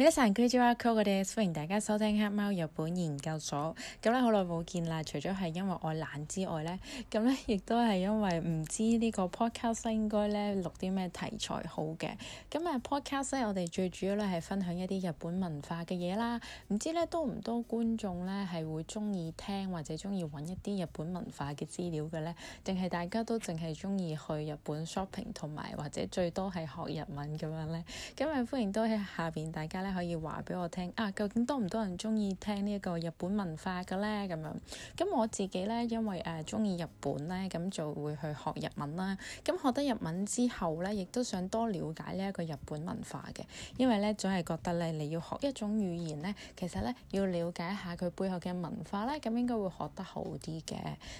大家好，歡迎大家收聽黑貓日本研究所。咁咧好耐冇見啦，除咗係因為我懶之外咧，咁咧亦都係因為唔知呢個 podcast 應該咧錄啲咩題材好嘅。咁啊 podcast 咧，我哋最主要咧係分享一啲日本文化嘅嘢啦。唔知咧多唔多觀眾咧係會中意聽或者中意揾一啲日本文化嘅資料嘅咧，定係大家都淨係中意去日本 shopping 同埋或者最多係學日文咁樣咧？咁啊歡迎都喺下邊大家咧～可以話俾我聽啊！究竟多唔多人中意聽呢一個日本文化嘅咧？咁樣咁我自己咧，因為誒中意日本咧，咁就會去學日文啦。咁、嗯、學得日文之後咧，亦都想多了解呢一個日本文化嘅，因為咧總係覺得咧，你要學一種語言咧，其實咧要了解下佢背後嘅文化咧，咁應該會學得好啲嘅。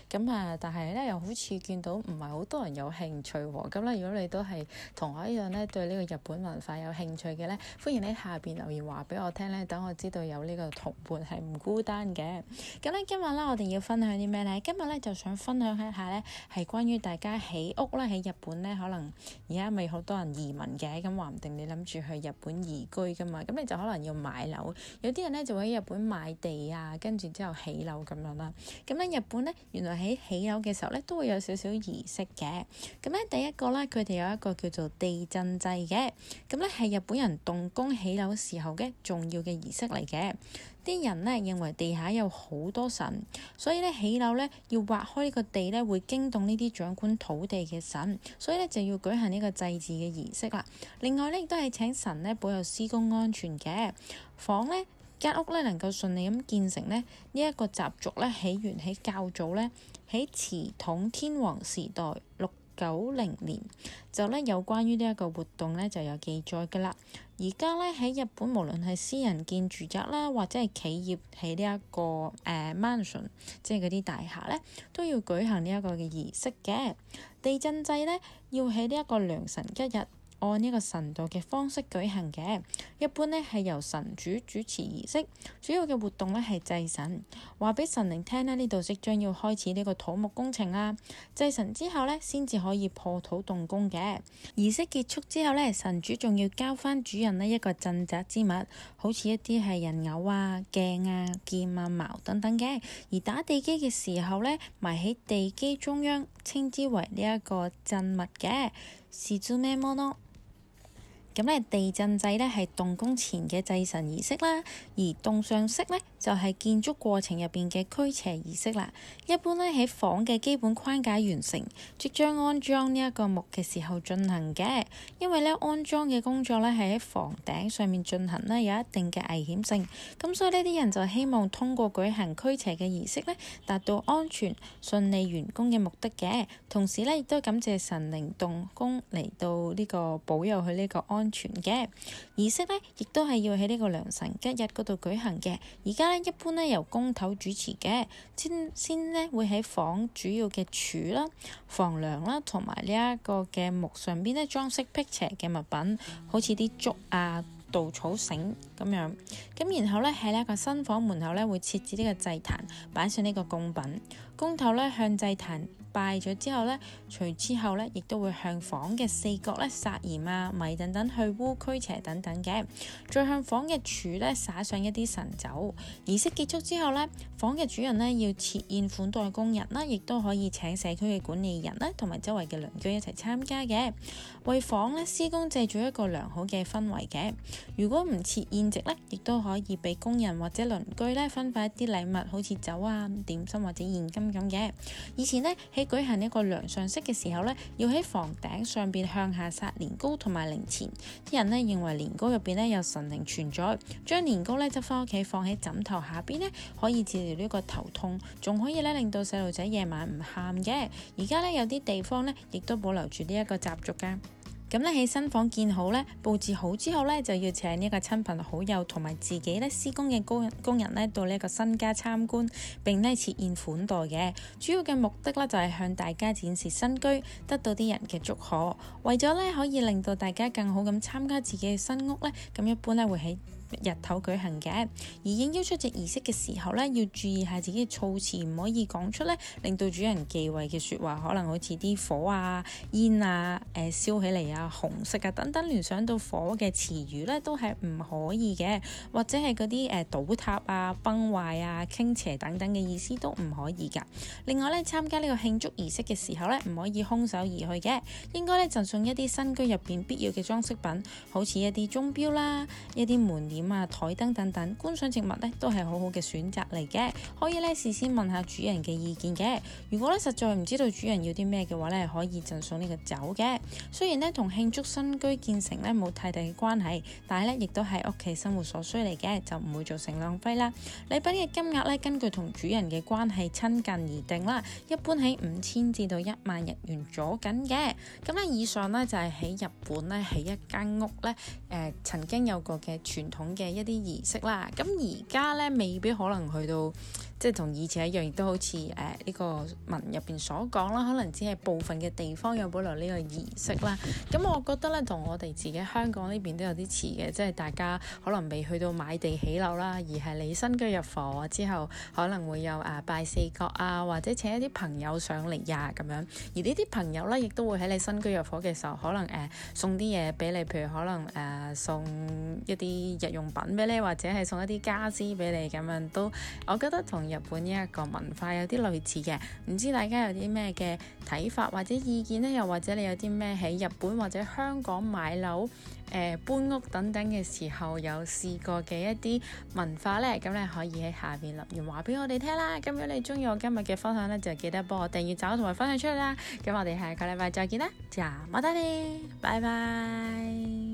咁、嗯、啊，但係咧又好似見到唔係好多人有興趣喎。咁咧，如果你都係同我一樣咧，對呢個日本文化有興趣嘅咧，歡迎喺下邊。留言話俾我聽咧，等我知道有呢個同伴係唔孤單嘅。咁咧，今日咧，我哋要分享啲咩咧？今日咧就想分享一下咧，係關於大家起屋啦。喺日本咧，可能而家咪好多人移民嘅，咁話唔定你諗住去日本移居㗎嘛？咁你就可能要買樓，有啲人咧就會喺日本買地啊，跟住之後起樓咁樣啦。咁咧，日本咧原來喺起樓嘅時候咧都會有少少儀式嘅。咁咧，第一個咧，佢哋有一個叫做地鎮祭嘅。咁咧係日本人動工起樓時候嘅重要嘅儀式嚟嘅，啲人呢，認為地下有好多神，所以呢起樓呢要挖開呢個地呢，會驚動呢啲掌管土地嘅神，所以呢就要舉行呢個祭祀嘅儀式啦。另外呢，亦都係請神呢保佑施工安全嘅房呢間屋呢，能夠順利咁建成呢。呢一個習俗呢，起源喺較早呢，喺持統天皇時代。九零年就咧有關於呢一個活動咧就有記載嘅啦。而家咧喺日本，無論係私人建住宅啦，或者係企業喺呢一個誒、呃、mansion，即係嗰啲大廈咧，都要舉行呢一個嘅儀式嘅。地鎮祭咧要喺呢一個良辰吉日。按呢個神道嘅方式舉行嘅，一般呢係由神主主持儀式，主要嘅活動呢係祭神，話俾神靈聽咧。呢度即將要開始呢個土木工程啊。祭神之後呢，先至可以破土動工嘅。儀式結束之後呢，神主仲要交翻主人呢一個鎮宅之物，好似一啲係人偶啊、鏡啊、劍啊、矛等等嘅。而打地基嘅時候呢，埋喺地基中央，稱之為呢一個鎮物嘅，是做咩？咁咧，地鎮祭咧係動工前嘅祭神儀式啦，而棟上式咧就係建築過程入邊嘅驅邪儀式啦。一般咧喺房嘅基本框架完成，即將安裝呢一個木嘅時候進行嘅，因為咧安裝嘅工作咧係喺房頂上面進行啦，有一定嘅危險性。咁所以呢啲人就希望通過舉行驅邪嘅儀式咧，達到安全順利完工嘅目的嘅，同時咧亦都感謝神靈動工嚟到呢個保佑佢呢個安。存嘅儀式呢亦都係要喺呢個良辰吉日嗰度舉行嘅。而家呢，一般呢由公頭主持嘅，先先呢會喺房主要嘅柱啦、房梁啦，同埋呢一個嘅木上邊呢裝飾辟邪嘅物品，好似啲竹啊、稻草繩咁樣。咁然後呢，喺呢一個新房門口呢，會設置呢個祭壇，擺上呢個供品。工頭咧向祭壇拜咗之後咧，隨之後咧亦都會向房嘅四角咧撒鹽啊、米等等去污驅邪等等嘅，再向房嘅柱咧灑上一啲神酒。儀式結束之後咧，房嘅主人咧要設宴款待工人啦，亦都可以請社區嘅管理人咧同埋周圍嘅鄰居一齊參加嘅，為房咧施工製造一個良好嘅氛圍嘅。如果唔設宴席咧，亦都可以俾工人或者鄰居咧分發一啲禮物，好似酒啊、點心或者現金。咁嘅，以前咧喺舉行呢個棟上式嘅時候咧，要喺房頂上邊向下撒年糕同埋零錢，啲人咧認為年糕入邊咧有神靈存在，將年糕咧執翻屋企放喺枕頭下邊咧，可以治療呢個頭痛，仲可以咧令到細路仔夜晚唔喊嘅。而家咧有啲地方咧亦都保留住呢一個習俗噶。咁咧喺新房建好咧，布置好之後咧，就要請呢個親朋好友同埋自己咧施工嘅工人工人咧到呢一個新家參觀，並呢設宴款待嘅。主要嘅目的咧就係向大家展示新居，得到啲人嘅祝賀，為咗咧可以令到大家更好咁參加自己嘅新屋咧，咁一般咧會喺日頭舉行嘅，而應邀出席儀式嘅時候呢，要注意下自己措辭唔可以講出呢令到主人忌諱嘅説話，可能好似啲火啊、煙啊、誒、呃、燒起嚟啊、紅色啊等等聯想到火嘅詞語呢，都係唔可以嘅，或者係嗰啲誒倒塌啊、崩壞啊、傾斜等等嘅意思都唔可以㗎。另外呢，參加呢個慶祝儀式嘅時候呢，唔可以空手而去嘅，應該呢贈送一啲新居入邊必要嘅裝飾品，好似一啲鐘錶啦、一啲門簾。點啊、台燈等等觀賞植物呢，都係好好嘅選擇嚟嘅，可以呢，事先問下主人嘅意見嘅。如果呢，實在唔知道主人要啲咩嘅話呢，可以贈送呢個酒嘅。雖然呢，同慶祝新居建成呢冇太大嘅關係，但係呢，亦都係屋企生活所需嚟嘅，就唔會造成浪費啦。禮品嘅金額呢，根據同主人嘅關係親近而定啦，一般喺五千至到一萬日元左右嘅。咁呢，以上呢，就係、是、喺日本呢，起一間屋呢誒、呃、曾經有過嘅傳統。嘅一啲儀式啦，咁而家咧未必可能去到即係同以前一樣，亦都好似誒呢個文入邊所講啦，可能只係部分嘅地方有保留呢個儀式啦。咁、嗯、我覺得咧，同我哋自己香港呢邊都有啲似嘅，即係大家可能未去到買地起樓啦，而係你新居入夥之後，可能會有誒、啊、拜四角啊，或者請一啲朋友上嚟啊咁樣，而呢啲朋友咧，亦都會喺你新居入伙嘅時候，可能誒、呃、送啲嘢俾你，譬如可能誒、呃、送一啲日用用品俾你，或者係送一啲家私俾你咁樣都，我覺得同日本呢一個文化有啲類似嘅。唔知大家有啲咩嘅睇法或者意見呢？又或者你有啲咩喺日本或者香港買樓、誒、呃、搬屋等等嘅時候有試過嘅一啲文化呢？咁你可以喺下邊留言話俾我哋聽啦。咁如果你中意我今日嘅分享呢，就記得幫我訂閱、找同埋分享出去啦。咁我哋下個禮拜再見啦，再見！拜拜。